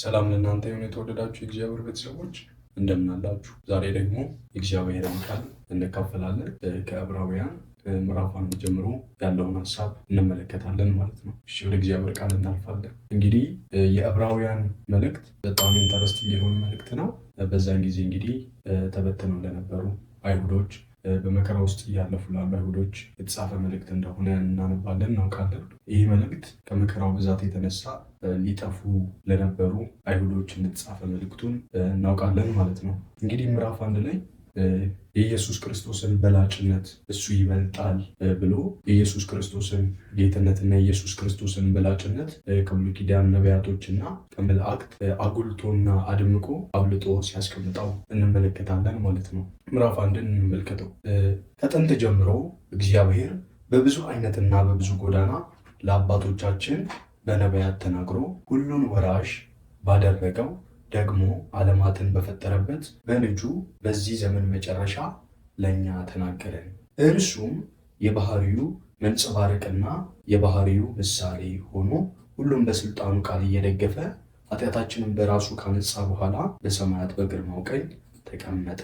ሰላም ለእናንተ የሆነ የተወደዳችሁ የእግዚአብሔር ቤተሰቦች እንደምናላችሁ ዛሬ ደግሞ የእግዚአብሔርን ቃል እንካፈላለን። ከዕብራውያን ምዕራፍ ጀምሮ ያለውን ሀሳብ እንመለከታለን ማለት ነው። እሺ ወደ እግዚአብሔር ቃል እናልፋለን። እንግዲህ የዕብራውያን መልእክት በጣም ኢንተረስቲንግ የሆነ መልእክት ነው። በዛን ጊዜ እንግዲህ ተበትነው ለነበሩ አይሁዶች በመከራ ውስጥ እያለፉ ላሉ አይሁዶች የተጻፈ መልእክት እንደሆነ እናነባለን፣ እናውቃለን። ይህ መልእክት ከመከራው ብዛት የተነሳ ሊጠፉ ለነበሩ አይሁዶች እንደተጻፈ መልእክቱን እናውቃለን ማለት ነው። እንግዲህ ምዕራፍ አንድ ላይ የኢየሱስ ክርስቶስን በላጭነት እሱ ይበልጣል ብሎ የኢየሱስ ክርስቶስን ጌትነትና የኢየሱስ ክርስቶስን በላጭነት ከብሉይ ኪዳን ነቢያቶችና ከመላእክት አጉልቶና አድምቆ አብልጦ ሲያስቀምጠው እንመለከታለን ማለት ነው። ምዕራፍ አንድን እንመልከተው። ከጥንት ጀምሮ እግዚአብሔር በብዙ አይነትና በብዙ ጎዳና ለአባቶቻችን በነቢያት ተናግሮ ሁሉን ወራሽ ባደረገው ደግሞ ዓለማትን በፈጠረበት በልጁ በዚህ ዘመን መጨረሻ ለእኛ ተናገረን። እርሱም የባህሪው መንጸባረቅና የባህሪው ምሳሌ ሆኖ ሁሉም በስልጣኑ ቃል እየደገፈ ኃጢአታችንን በራሱ ካነጻ በኋላ በሰማያት በግርማው ቀኝ ተቀመጠ።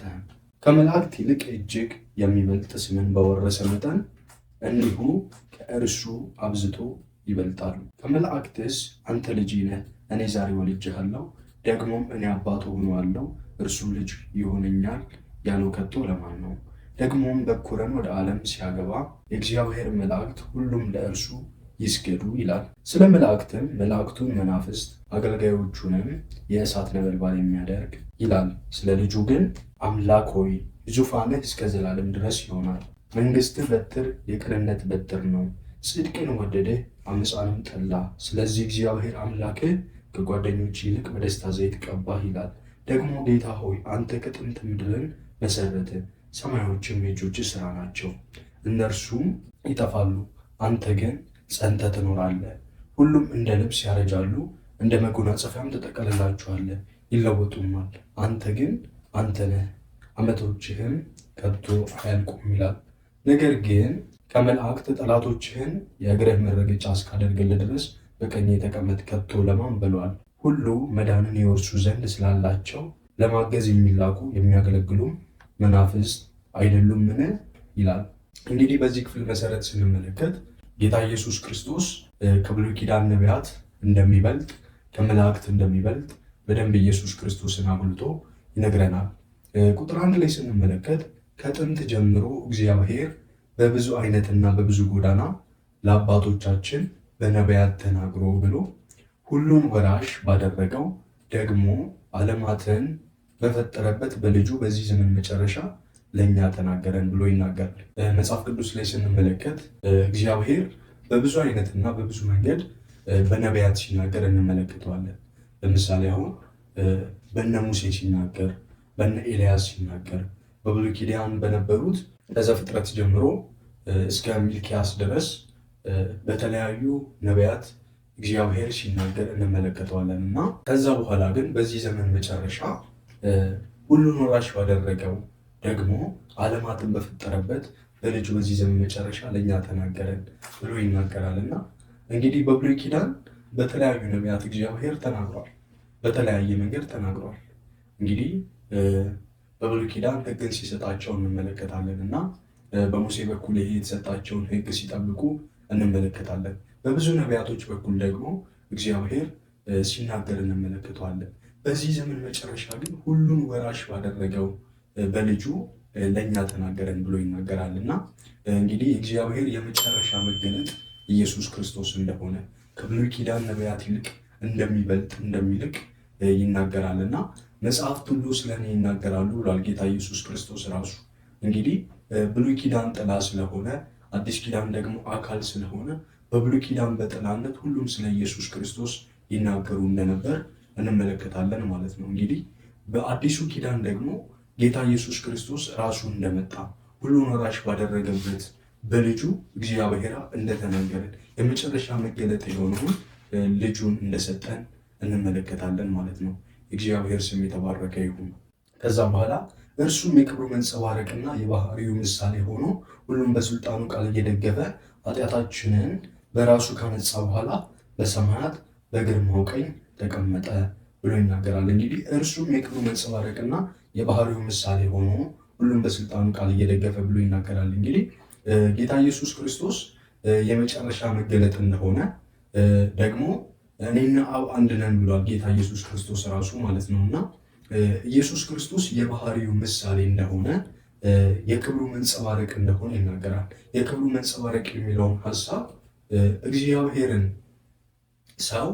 ከመላእክት ይልቅ እጅግ የሚበልጥ ስምን በወረሰ መጠን እንዲሁ ከእርሱ አብዝቶ ይበልጣሉ። ከመላእክትስ አንተ ልጅ ነህ፣ እኔ ዛሬ ወልጄሃለሁ ደግሞም እኔ አባት እሆነዋለሁ እርሱም ልጅ ይሆነኛል ያለው ከቶ ለማን ነው? ደግሞም በኩረን ወደ ዓለም ሲያገባ የእግዚአብሔር መላእክት ሁሉም ለእርሱ ይስገዱ ይላል። ስለ መላእክትም መላእክቱን መናፍስት አገልጋዮቹንም የእሳት ነበልባል የሚያደርግ ይላል። ስለ ልጁ ግን አምላክ ሆይ ዙፋንህ እስከ ዘላለም ድረስ ይሆናል፣ መንግሥትህ በትር የቅንነት በትር ነው። ጽድቅን ወደደ ዓመፃንም ጠላ። ስለዚህ እግዚአብሔር አምላክህ ከጓደኞች ይልቅ በደስታ ዘይት ቀባህ ይላል። ደግሞ ጌታ ሆይ አንተ ከጥንት ምድርን መሰረተ፣ ሰማዮችም የእጆች ሥራ ናቸው። እነርሱም ይጠፋሉ፣ አንተ ግን ጸንተ ትኖራለህ። ሁሉም እንደ ልብስ ያረጃሉ፣ እንደ መጎናጸፊያም ትጠቀልላቸዋለህ፣ ይለወጡማል። አንተ ግን አንተ ነህ፣ ዓመቶችህም ከቶ አያልቁም ይላል። ነገር ግን ከመላእክት ጠላቶችህን የእግርህ መረገጫ እስካደርግልህ ድረስ በቀኝ የተቀመጥ ከቶ ለማን ብለዋል። ሁሉ መዳንን ይወርሱ ዘንድ ስላላቸው ለማገዝ የሚላኩ የሚያገለግሉም መናፍስት ምን ይላል። እንግዲህ በዚህ ክፍል መሰረት ስንመለከት ጌታ ኢየሱስ ክርስቶስ ከብሉይ ኪዳን ነቢያት እንደሚበልጥ ከመላእክት እንደሚበልጥ በደንብ ኢየሱስ ክርስቶስን አጉልቶ ይነግረናል። ቁጥር አንድ ላይ ስንመለከት ከጥንት ጀምሮ እግዚአብሔር በብዙ አይነትና በብዙ ጎዳና ለአባቶቻችን በነቢያት ተናግሮ ብሎ ሁሉን ወራሽ ባደረገው ደግሞ ዓለማትን በፈጠረበት በልጁ በዚህ ዘመን መጨረሻ ለእኛ ተናገረን ብሎ ይናገራል። መጽሐፍ ቅዱስ ላይ ስንመለከት እግዚአብሔር በብዙ አይነትና በብዙ መንገድ በነቢያት ሲናገር እንመለከተዋለን። ለምሳሌ አሁን በነ ሙሴ ሲናገር፣ በነ ኤልያስ ሲናገር በብሉይ ኪዳን በነበሩት ከዘፍጥረት ጀምሮ እስከ ሚልኪያስ ድረስ በተለያዩ ነቢያት እግዚአብሔር ሲናገር እንመለከተዋለን እና ከዛ በኋላ ግን በዚህ ዘመን መጨረሻ ሁሉን ወራሽ ባደረገው ደግሞ ዓለማትን በፈጠረበት በልጁ በዚህ ዘመን መጨረሻ ለእኛ ተናገረን ብሎ ይናገራል እና እንግዲህ በብሉይ ኪዳን በተለያዩ ነቢያት እግዚአብሔር ተናግሯል፣ በተለያየ መንገድ ተናግሯል። እንግዲህ በብሉይ ኪዳን ሕግን ሲሰጣቸው እንመለከታለን እና በሙሴ በኩል ይሄ የተሰጣቸውን ሕግ ሲጠብቁ እንመለከታለን። በብዙ ነቢያቶች በኩል ደግሞ እግዚአብሔር ሲናገር እንመለከተዋለን። በዚህ ዘመን መጨረሻ ግን ሁሉን ወራሽ ባደረገው በልጁ ለእኛ ተናገረን ብሎ ይናገራል እና እንግዲህ እግዚአብሔር የመጨረሻ መገለጥ ኢየሱስ ክርስቶስ እንደሆነ ከብሉይ ኪዳን ነቢያት ይልቅ እንደሚበልጥ እንደሚልቅ ይናገራል እና መጽሐፍት ሁሉ ስለ እኔ ይናገራሉ ብሏል ጌታ ኢየሱስ ክርስቶስ ራሱ። እንግዲህ ብሉይ ኪዳን ጥላ ስለሆነ አዲስ ኪዳን ደግሞ አካል ስለሆነ በብሉይ ኪዳን በጥላነት ሁሉም ስለ ኢየሱስ ክርስቶስ ይናገሩ እንደነበር እንመለከታለን ማለት ነው። እንግዲህ በአዲሱ ኪዳን ደግሞ ጌታ ኢየሱስ ክርስቶስ ራሱ እንደመጣ ሁሉን ወራሽ ባደረገበት በልጁ እግዚአብሔር እንደተናገረን የመጨረሻ መገለጥ የሆነውን ልጁን እንደሰጠን እንመለከታለን ማለት ነው። እግዚአብሔር ስም የተባረከ ይሁን። ከዛ በኋላ እርሱም የክብሩ መንጸባረቅና የባህሪው ምሳሌ ሆኖ ሁሉም በስልጣኑ ቃል እየደገፈ ኃጢአታችንን በራሱ ካነጻ በኋላ በሰማያት በግርማው ቀኝ ተቀመጠ ብሎ ይናገራል። እንግዲህ እርሱም የክብሩ መንጸባረቅና የባህሪው ምሳሌ ሆኖ ሁሉም በስልጣኑ ቃል እየደገፈ ብሎ ይናገራል። እንግዲህ ጌታ ኢየሱስ ክርስቶስ የመጨረሻ መገለጥ እንደሆነ ደግሞ እኔና አብ አንድ ነን ብሏል ጌታ ኢየሱስ ክርስቶስ ራሱ ማለት ነው እና ኢየሱስ ክርስቶስ የባህሪው ምሳሌ እንደሆነ የክብሩ መንጸባረቅ እንደሆነ ይናገራል። የክብሩ መንጸባረቅ የሚለውን ሀሳብ እግዚአብሔርን ሰው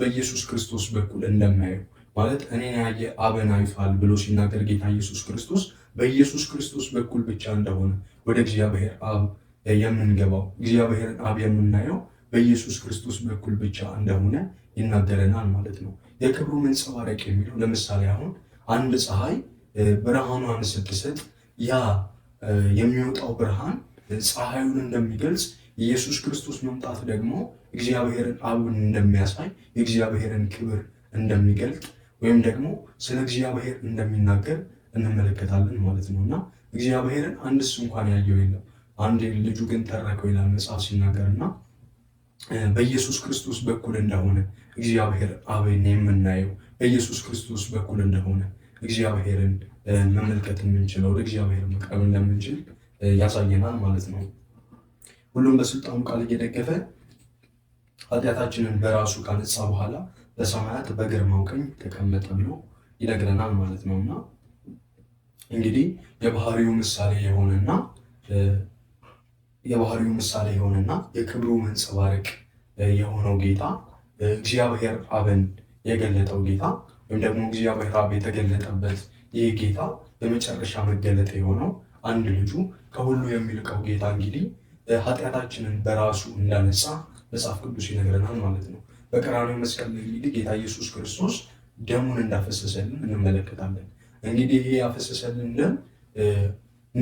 በኢየሱስ ክርስቶስ በኩል እንደማየው ማለት እኔን ያየ አብን አይቷል ብሎ ሲናገር ጌታ ኢየሱስ ክርስቶስ በኢየሱስ ክርስቶስ በኩል ብቻ እንደሆነ ወደ እግዚአብሔር አብ የምንገባው እግዚአብሔርን አብ የምናየው በኢየሱስ ክርስቶስ በኩል ብቻ እንደሆነ ይናገረናል ማለት ነው። የክብሩ መንጸባረቅ የሚለው ለምሳሌ አሁን አንድ ፀሐይ ብርሃኗን ስትሰጥ ያ የሚወጣው ብርሃን ፀሐዩን እንደሚገልጽ ኢየሱስ ክርስቶስ መምጣት ደግሞ እግዚአብሔርን አብን እንደሚያሳይ የእግዚአብሔርን ክብር እንደሚገልጥ ወይም ደግሞ ስለ እግዚአብሔር እንደሚናገር እንመለከታለን ማለት ነው እና እግዚአብሔርን አንድስ እንኳን ያየው የለም አንድ ልጁ ግን ተረከው ይላል መጽሐፍ ሲናገር እና በኢየሱስ ክርስቶስ በኩል እንደሆነ እግዚአብሔር አብን የምናየው በኢየሱስ ክርስቶስ በኩል እንደሆነ እግዚአብሔርን መመልከት የምንችለው ወደ እግዚአብሔር መቅረብ እንደምንችል ያሳየናል ማለት ነው። ሁሉም በስልጣኑ ቃል እየደገፈ ኃጢአታችንን በራሱ ካነጻ በኋላ በሰማያት በግርማው ቀኝ ተቀመጠ ብሎ ይነግረናል ማለት ነው። እና እንግዲህ የባህሪው ምሳሌ የሆነና የባህሪው ምሳሌ የሆነና የክብሩ መንጸባረቅ የሆነው ጌታ እግዚአብሔር አብን የገለጠው ጌታ ወይም ደግሞ እግዚአብሔር አብ የተገለጠበት ይህ ጌታ በመጨረሻ መገለጠ የሆነው አንድ ልጁ ከሁሉ የሚልቀው ጌታ እንግዲህ ኃጢአታችንን በራሱ እንዳነሳ መጽሐፍ ቅዱስ ይነግረናል ማለት ነው። በቀራንዮ መስቀል ላይ እንግዲህ ጌታ ኢየሱስ ክርስቶስ ደሙን እንዳፈሰሰልን እንመለከታለን። እንግዲህ ይሄ ያፈሰሰልን ደም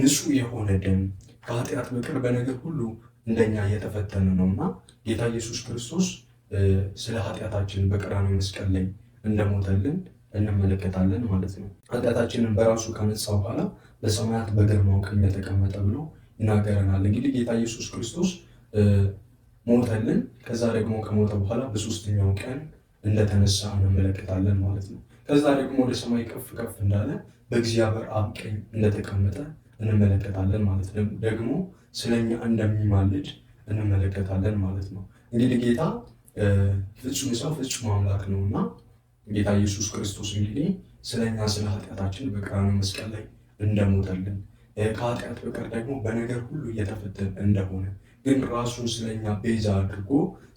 ንጹሕ የሆነ ደም ከኃጢአት በቀር በነገር ሁሉ እንደኛ እየተፈተነ ነው እና ጌታ ኢየሱስ ክርስቶስ ስለ ኃጢአታችን በቀራንዮ መስቀል ላይ እንደሞተልን እንመለከታለን ማለት ነው። ኃጢአታችንን በራሱ ከመሳ በኋላ በሰማያት በግርማው ቀኝ ተቀመጠ ብሎ ይናገረናል። እንግዲህ ጌታ ኢየሱስ ክርስቶስ ሞተልን፣ ከዛ ደግሞ ከሞተ በኋላ በሶስተኛው ቀን እንደተነሳ እንመለከታለን ማለት ነው። ከዛ ደግሞ ወደ ሰማይ ከፍ ከፍ እንዳለ በእግዚአብሔር አብ ቀኝ እንደተቀመጠ እንመለከታለን ማለት ነው። ደግሞ ስለኛ እንደሚማልድ እንመለከታለን ማለት ነው። እንግዲህ ጌታ ፍጹም ሰው ፍጹም አምላክ ነው እና ጌታ ኢየሱስ ክርስቶስ እንግዲህ ስለኛ ስለ ኃጢአታችን በቀራንዮ መስቀል ላይ እንደሞተልን ከኃጢአት በቀር ደግሞ በነገር ሁሉ እየተፈተነ እንደሆነ ግን ራሱን ስለኛ ቤዛ አድርጎ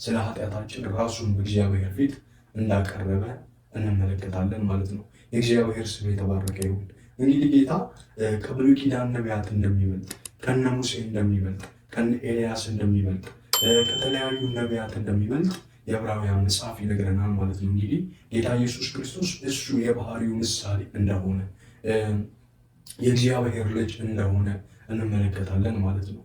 ስለ ኃጢአታችን ራሱን በእግዚአብሔር ፊት እንዳቀረበ እንመለከታለን ማለት ነው። የእግዚአብሔር ስም የተባረቀ ይሁን። እንግዲህ ጌታ ከብሉይ ኪዳን ነቢያት እንደሚበልጥ ከነ ሙሴ እንደሚበልጥ ከነ ኤልያስ እንደሚበልጥ ከተለያዩ ነቢያት እንደሚበልጥ የዕብራውያን መጽሐፍ ይነግረናል ማለት ነው። እንግዲህ ጌታ ኢየሱስ ክርስቶስ እሱ የባህሪው ምሳሌ እንደሆነ የእግዚአብሔር ልጅ እንደሆነ እንመለከታለን ማለት ነው።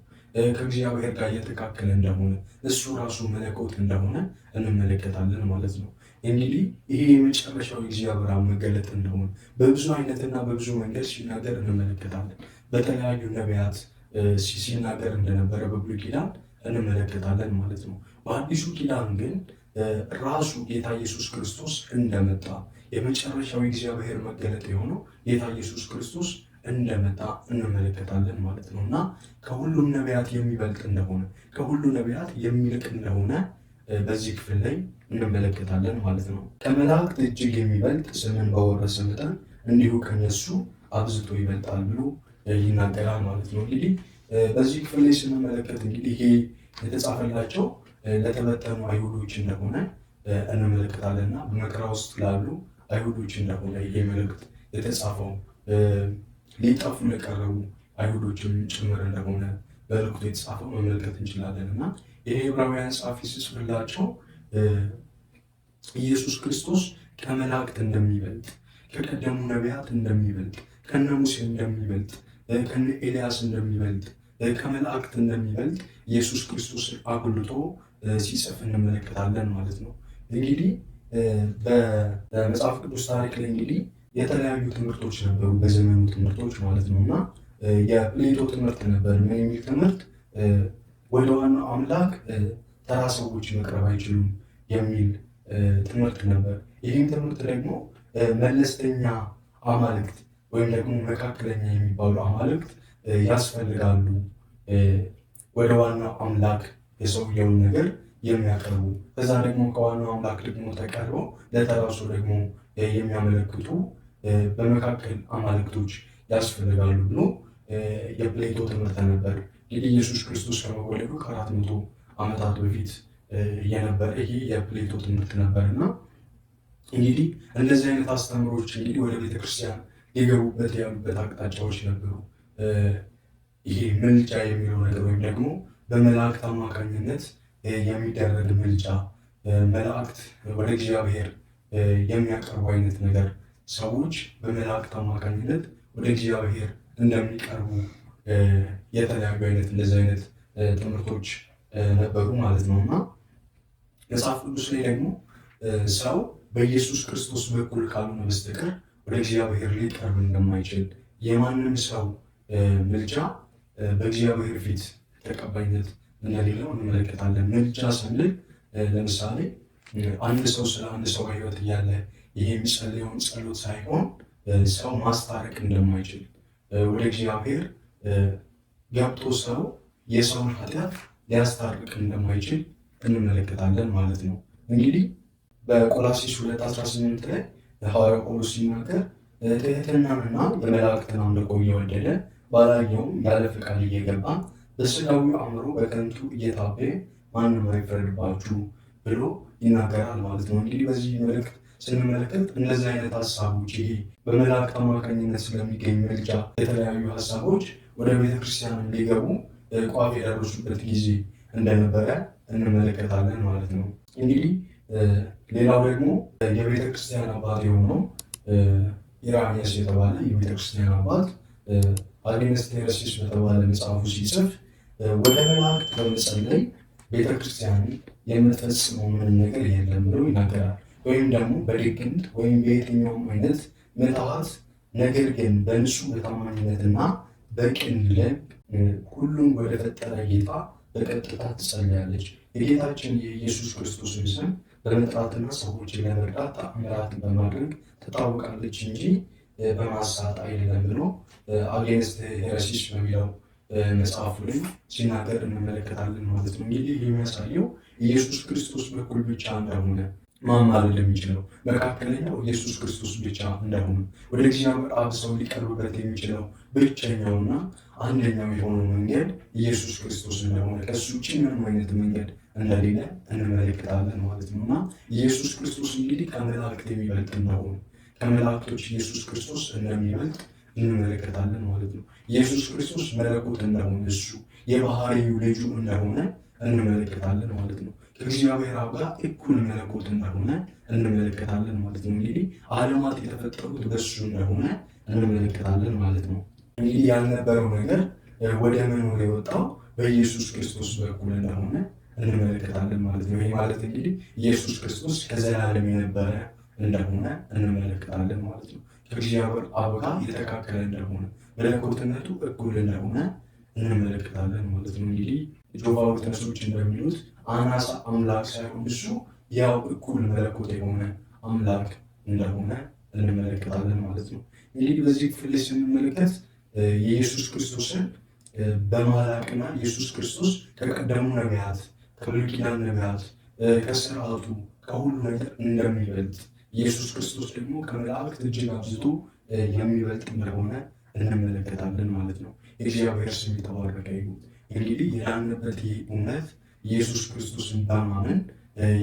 ከእግዚአብሔር ጋር እየተካከለ እንደሆነ እሱ ራሱ መለኮት እንደሆነ እንመለከታለን ማለት ነው። እንግዲህ ይሄ የመጨረሻው የእግዚአብሔር መገለጥ እንደሆነ በብዙ አይነትና በብዙ መንገድ ሲናገር እንመለከታለን። በተለያዩ ነቢያት ሲናገር እንደነበረ በብሉይ ኪዳን እንመለከታለን ማለት ነው። በአዲሱ ኪዳን ግን ራሱ ጌታ ኢየሱስ ክርስቶስ እንደመጣ የመጨረሻዊ እግዚአብሔር መገለጥ የሆነው ጌታ ኢየሱስ ክርስቶስ እንደመጣ እንመለከታለን ማለት ነው እና ከሁሉም ነቢያት የሚበልጥ እንደሆነ ከሁሉ ነቢያት የሚልቅ እንደሆነ በዚህ ክፍል ላይ እንመለከታለን ማለት ነው። ከመላእክት እጅግ የሚበልጥ ስምን በወረሰ መጠን እንዲሁ ከነሱ አብዝቶ ይበልጣል ብሎ ይናገራል ማለት ነው እንግዲህ በዚህ ክፍል ላይ ስንመለከት እንግዲህ ይሄ የተጻፈላቸው ለተበተኑ አይሁዶች እንደሆነ እንመለከታለን እና በመከራ ውስጥ ላሉ አይሁዶች እንደሆነ ይሄ መልእክት የተጻፈው ሊጠፉ ለቀረቡ አይሁዶችም ጭምር እንደሆነ በልክቱ የተጻፈው መመልከት እንችላለን እና ይሄ ዕብራውያን ጸሐፊ ሲጽፍላቸው ኢየሱስ ክርስቶስ ከመላእክት እንደሚበልጥ ከቀደሙ ነቢያት እንደሚበልጥ ከነ ሙሴ እንደሚበልጥ ከነ ኤልያስ እንደሚበልጥ ከመላእክት እንደሚበልጥ ኢየሱስ ክርስቶስ አጉልቶ ሲጽፍ እንመለከታለን ማለት ነው። እንግዲህ በመጽሐፍ ቅዱስ ታሪክ ላይ እንግዲህ የተለያዩ ትምህርቶች ነበሩ፣ በዘመኑ ትምህርቶች ማለት ነው እና የፕሌቶ ትምህርት ነበር። ምን የሚል ትምህርት? ወደ ዋናው አምላክ ተራ ሰዎች መቅረብ አይችሉም የሚል ትምህርት ነበር። ይህም ትምህርት ደግሞ መለስተኛ አማልክት ወይም ደግሞ መካከለኛ የሚባሉ አማልክት ያስፈልጋሉ። ወደ ዋናው አምላክ የሰውየውን ነገር የሚያቀርቡ ከዛ ደግሞ ከዋናው አምላክ ደግሞ ተቀርበው ለተራሱ ደግሞ የሚያመለክቱ በመካከል አማልክቶች ያስፈልጋሉ ብሎ የፕሌቶ ትምህርት ነበር። እንግዲህ ኢየሱስ ክርስቶስ ከመወለዱ ከአራት መቶ ዓመታት በፊት የነበረ ይሄ የፕሌቶ ትምህርት ነበር እና እንግዲህ እንደዚህ አይነት አስተምሮች እንግዲህ ወደ ቤተክርስቲያን ሊገቡበት ያሉበት አቅጣጫዎች ነበሩ። ይሄ ምልጫ የሚለው ነገር ወይም ደግሞ በመላእክት አማካኝነት የሚደረግ ምልጫ መላእክት ወደ እግዚአብሔር የሚያቀርቡ አይነት ነገር ሰዎች በመላእክት አማካኝነት ወደ እግዚአብሔር እንደሚቀርቡ የተለያዩ አይነት እንደዚህ አይነት ትምህርቶች ነበሩ ማለት ነው እና መጽሐፍ ቅዱስ ላይ ደግሞ ሰው በኢየሱስ ክርስቶስ በኩል ካልሆነ በስተቀር ወደ እግዚአብሔር ሊቀርብ እንደማይችል የማንም ሰው ምልጃ በእግዚአብሔር ፊት ተቀባይነት እንደሌለው እንመለከታለን። ምልጃ ስንል ለምሳሌ አንድ ሰው ስለ አንድ ሰው ሕይወት እያለ ይሄ የሚጸልየውን ጸሎት ሳይሆን ሰው ማስታረቅ እንደማይችል ወደ እግዚአብሔር ገብቶ ሰው የሰውን ኃጢአት ሊያስታርቅ እንደማይችል እንመለከታለን ማለት ነው። እንግዲህ በቆላሲስ 18 ላይ ሐዋርያው ጳውሎስ ሲናገር ትህትናንና የመላእክትን አምልኮ እየወደደ ባላየውም ያለ ፈቃድ እየገባ በስጋዊ አእምሮ በከንቱ እየታበ ማንም አይፈረድባችሁ ብሎ ይናገራል ማለት ነው። እንግዲህ በዚህ መልእክት ስንመለከት እንደዚህ አይነት ሀሳቦች ይሄ በመላእክት አማካኝነት ስለሚገኝ መግጃ የተለያዩ ሀሳቦች ወደ ቤተክርስቲያን እንዲገቡ ቋፍ የደረሱበት ጊዜ እንደነበረ እንመለከታለን ማለት ነው። እንግዲህ ሌላው ደግሞ የቤተክርስቲያን አባት የሆነው ኢራኒያስ የተባለ የቤተክርስቲያን አባት አግኝነት ዩኒቨርሲቲ በተባለ መጽሐፉ ሲጽፍ ወደ መላእክት በመጸለይ ቤተክርስቲያን የምትፈጽመው ምን ነገር የለም ብሎ ይናገራል። ወይም ደግሞ በድግምት ወይም በየትኛውም አይነት ምትሃት ነገር ግን በንጹህ በታማኝነትና በቅን ልብ ሁሉም ወደ ፈጠረ ጌታ በቀጥታ ትጸልያለች። የጌታችን የኢየሱስ ክርስቶስ ስም በመጥራትና ሰዎችን ለመርዳት ተአምራትን በማድረግ ትታወቃለች እንጂ በማሳት አይደለም ብሎ አጌንስት ሄረሲስ በሚለው መጽሐፉ ላይ ሲናገር እንመለከታለን ማለት ነው። እንግዲህ የሚያሳየው ኢየሱስ ክርስቶስ በኩል ብቻ እንደሆነ ማማለል የሚችለው መካከለኛው ኢየሱስ ክርስቶስ ብቻ እንደሆነ ወደ እግዚአብሔር አብ ሰው ሊቀርብበት የሚችለው ብቸኛውና አንደኛው የሆነው መንገድ ኢየሱስ ክርስቶስ እንደሆነ ከሱ ውጭ ምንም አይነት መንገድ እንደሌለ እንመለከታለን ማለት ነው እና ኢየሱስ ክርስቶስ እንግዲህ ከመላእክት የሚበልጥ እንደሆነ ከመላእክቶች ኢየሱስ ክርስቶስ እንደሚበልጥ እንመለከታለን ማለት ነው። ኢየሱስ ክርስቶስ መለኮት እንደሆነ እሱ የባህሪው ልጁ እንደሆነ እንመለከታለን ማለት ነው። ከእግዚአብሔር አብ ጋር እኩል መለኮት እንደሆነ እንመለከታለን ማለት ነው። እንግዲህ ዓለማት የተፈጠሩት በሱ እንደሆነ እንመለከታለን ማለት ነው። እንግዲህ ያልነበረው ነገር ወደ መኖር የወጣው በኢየሱስ ክርስቶስ በኩል እንደሆነ እንመለከታለን ማለት ነው። ይህ ማለት እንግዲህ ኢየሱስ ክርስቶስ ከዘላለም የነበረ እንደሆነ እንመለከታለን ማለት ነው። ከእግዚአብሔር አብ ጋር የተካከለ እንደሆነ መለኮትነቱ እኩል እንደሆነ እንመለከታለን ማለት ነው። እንግዲህ ጆባዊ ተነሶች እንደሚሉት አናሳ አምላክ ሳይሆን እሱ ያው እኩል መለኮት የሆነ አምላክ እንደሆነ እንመለከታለን ማለት ነው። እንግዲህ በዚህ ክፍል ስንመለከት የኢየሱስ ክርስቶስን በማላቅና ኢየሱስ ክርስቶስ ከቀደሙ ነቢያት፣ ከብሉይ ኪዳን ነቢያት፣ ከስርዓቱ ከሁሉ ነገር እንደሚበልጥ ኢየሱስ ክርስቶስ ደግሞ ከመላእክት እጅግ አብዝቶ የሚበልጥ እንደሆነ እንመለከታለን ማለት ነው። እግዚአብሔር ስም የተባረከ ይሁን። እንግዲህ የዳንበት ይህ እውነት ኢየሱስ ክርስቶስን በማመን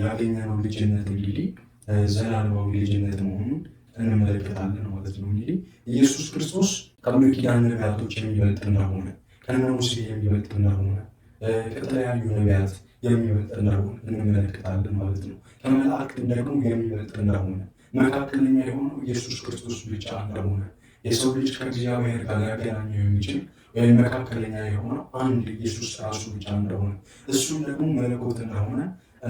ያገኘነው ልጅነት እንግዲህ ዘላለማዊ ልጅነት መሆኑን እንመለከታለን ማለት ነው። እንግዲህ ኢየሱስ ክርስቶስ ከብሉይ ኪዳን ነቢያቶች የሚበልጥ እንደሆነ ከነ ሙሴ የሚበልጥ እንደሆነ ከተለያዩ ነቢያት የሚመጥን ረቡዕን እንመለከታለን ማለት ነው። ከመላእክትም ደግሞ የሚመጥን ረቡዕን መካከለኛ የሆነው ኢየሱስ ክርስቶስ ብቻ እንደሆነ የሰው ልጅ ከእግዚአብሔር ጋር ሊያገናኘው የሚችል ወይም መካከለኛ የሆነው አንድ ኢየሱስ ራሱ ብቻ እንደሆነ እሱም ደግሞ መለኮት እንደሆነ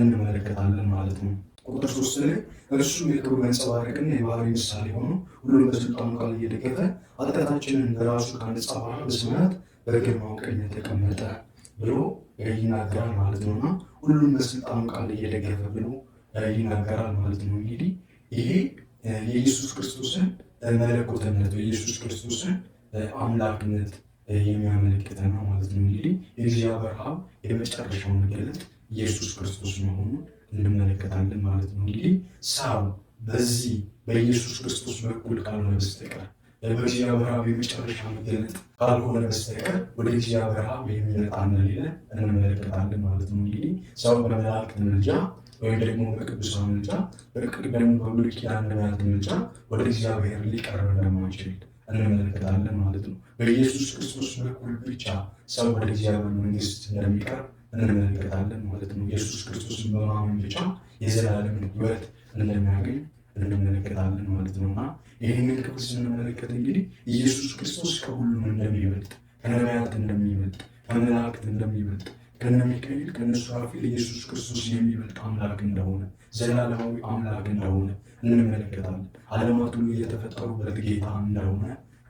እንመለከታለን ማለት ነው። ቁጥር ሶስት ላይ እርሱ የክብር መንጸባረቅና የባህሪ ምሳሌ ሆኖ ሁሉን በስልጣኑ ቃል እየደገፈ ኃጢአታችንን በራሱ ካነጻ በኋላ በሰማያት በግርማው ቀኝ ተቀመጠ ብሎ ይናገራል ማለት ነው። እና ሁሉም በስልጣኑ ቃል እየደገፈ ብሎ ይናገራል ማለት ነው። እንግዲህ ይሄ የኢየሱስ ክርስቶስን መለኮትነት የኢየሱስ ክርስቶስን አምላክነት የሚያመለክተ ነው ማለት ነው። እንግዲህ የእግዚአብሔር አብ የመጨረሻው መገለጥ ኢየሱስ ክርስቶስ መሆኑን እንመለከታለን ማለት ነው። እንግዲህ ሰው በዚህ በኢየሱስ ክርስቶስ በኩል ካልሆነ በስተቀር ለበጂያ በረሃብ የመጨረሻ መገለጥ ካልሆነ በስተቀር ወደ ጂያ በረሃብ የሚመጣ እንደሌለ እንመለከታለን ማለት ነው። እንግዲህ ሰው በመላእክት ምልጃ ወይም ደግሞ በቅዱሳን ምልጃ በቅድም በብሉይ ኪዳን ነቢያት ምልጃ ወደ እግዚአብሔር ሊቀርብ እንደማይችል እንመለከታለን ማለት ነው። በኢየሱስ ክርስቶስ በኩል ብቻ ሰው ወደ እግዚአብሔር መንግሥት እንደሚቀርብ እንመለከታለን ማለት ነው። ኢየሱስ ክርስቶስን በማመን ብቻ የዘላለም ሕይወት እንደሚያገኝ እንመለከታለን ማለት ነው እና ይህንን ክፍል ስንመለከት እንግዲህ ኢየሱስ ክርስቶስ ከሁሉም እንደሚበልጥ ከነቢያት እንደሚበልጥ ከመላእክት እንደሚበልጥ ከነ ሚካኤል ከነ ኢየሱስ ክርስቶስ የሚበልጥ አምላክ እንደሆነ ዘላለማዊ አምላክ እንደሆነ እንመለከታለን። ዓለማት ሁሉ የተፈጠሩበት ጌታ እንደሆነ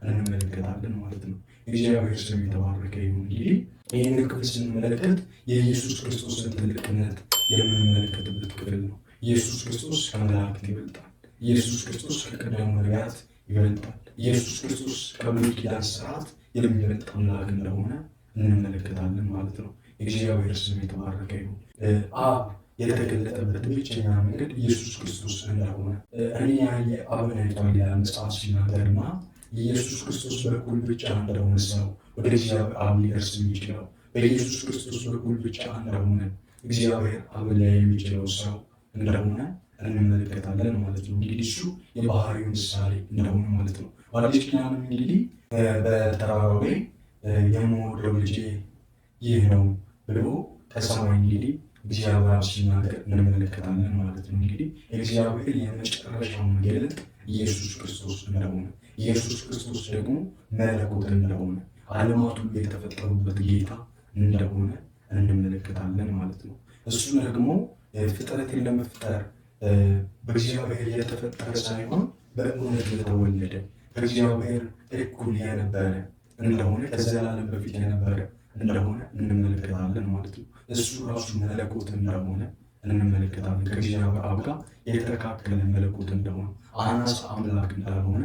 እንመለከታለን ማለት ነው። እግዚአብሔር ስም የተባረከ ይሁን። እንግዲህ ይህን ክፍል ስንመለከት የኢየሱስ ክርስቶስን ትልቅነት የምንመለከትበት ክፍል ነው። ኢየሱስ ክርስቶስ ከመላእክት ይበልጣል። ኢየሱስ ክርስቶስ ከቀደሙ ነቢያት ይበልጣል። ኢየሱስ ክርስቶስ ከብሉይ ኪዳን ስርዓት የሚበልጥ አምላክ እንደሆነ እንመለከታለን ማለት ነው። የእግዚአብሔር ስም የተባረከ ይሁን። አብ የተገለጠበት ብቸኛ መንገድ ኢየሱስ ክርስቶስ እንደሆነ እኔ ያየ አብን አይቷል ይላል መጽሐፍ ሲናገርና ኢየሱስ ክርስቶስ በኩል ብቻ እንደሆነ ሰው ወደ እግዚአብሔር አብ ሊደርስ የሚችለው በኢየሱስ ክርስቶስ በኩል ብቻ እንደሆነ እግዚአብሔር አብ ላይ የሚችለው ሰው እንደሆነ እንመለከታለን ማለት ነው። እንግዲህ እሱ የባህሪ ምሳሌ እንደሆነ ማለት ነው። በአዲስ ኪዳንም እንግዲህ በተራራው ላይ የምወደው ልጄ ይህ ነው ብሎ ከሰማይ እንግዲህ እግዚአብሔር ሲናገር እንመለከታለን ማለት ነው። እንግዲህ እግዚአብሔር የመጨረሻውን መገለጥ ኢየሱስ ክርስቶስ እንደሆነ ኢየሱስ ክርስቶስ ደግሞ መለኮት እንደሆነ አለማቱ የተፈጠሩበት ጌታ እንደሆነ እንመለከታለን ማለት ነው። እሱ ደግሞ ፍጥረትን ለመፍጠር በእግዚአብሔር የተፈጠረ ሳይሆን በእውነት የተወለደ ከእግዚአብሔር እኩል የነበረ እንደሆነ ከዘላለም በፊት የነበረ እንደሆነ እንመለከታለን ማለት ነው። እሱ ራሱ መለኮት እንደሆነ እንመለከታለን። ከእግዚአብሔር አብ ጋር የተካከለ መለኮት እንደሆነ አናሳ አምላክ እንዳልሆነ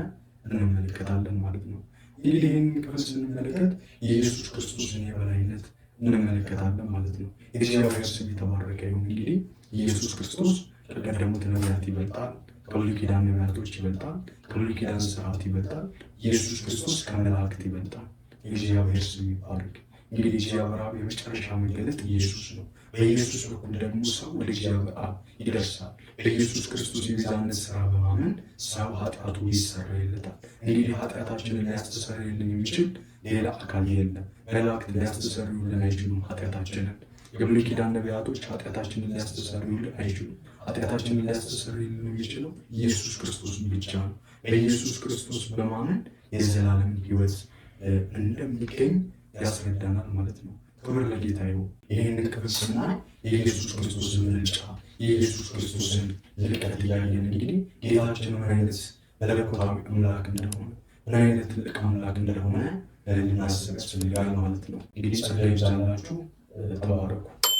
እንመለከታለን ማለት ነው። እንግዲህ ይህን ክፍል ስንመለከት የኢየሱስ ክርስቶስን የበላይነት እንመለከታለን ማለት ነው። የእግዚአብሔር ስም የተባረከ ይሁን። እንግዲህ ኢየሱስ ክርስቶስ ከቀደሙት ነቢያት ይበልጣል። ከብሉይ ኪዳን ነቢያቶች ይበልጣል። ከብሉይ ኪዳን ስርዓት ይበልጣል። ኢየሱስ ክርስቶስ ከመላእክት ይበልጣል። እግዚአብሔር ስም ይባረክ። እንግዲህ እግዚአብሔር አብ የመጨረሻ መገለጥ ኢየሱስ ነው። በኢየሱስ በኩል ደግሞ ሰው ወደ እግዚአብሔር አብ ይደርሳል። በኢየሱስ ክርስቶስ የቤዛነት ስራ በማመን ሰው ኃጢአቱ ይሰረይለታል። እንግዲህ ኃጢአታችንን ሊያስተሰርይልን የሚችል ሌላ አካል የለም። መላእክት ሊያስተሰርዩልን አይችሉም ኃጢአታችንን የብሉይ ኪዳን ነቢያቶች ኃጢአታችንን ሊያስተሰርዩልን አይችሉም። ኃጢአታችንን ሊያስተሰርዩልን የሚችለው ኢየሱስ ክርስቶስን ብቻ ነው። በኢየሱስ ክርስቶስ በማመን የዘላለም ሕይወት እንደሚገኝ ያስረዳናል ማለት ነው። ክብር ለጌታ ይሁን። ይህን ክፍል ስናይ የኢየሱስ ክርስቶስን ምልጫ፣ የኢየሱስ ክርስቶስን ልቀት እያየን እንግዲህ ጌታችን ምን አይነት መለኮታዊ አምላክ እንደሆነ ምን አይነት ትልቅ አምላክ እንደሆነ ልናስብ ያስፈልጋል ማለት ነው። እንግዲህ ጸጋ ይብዛላችሁ። ተባረኩ።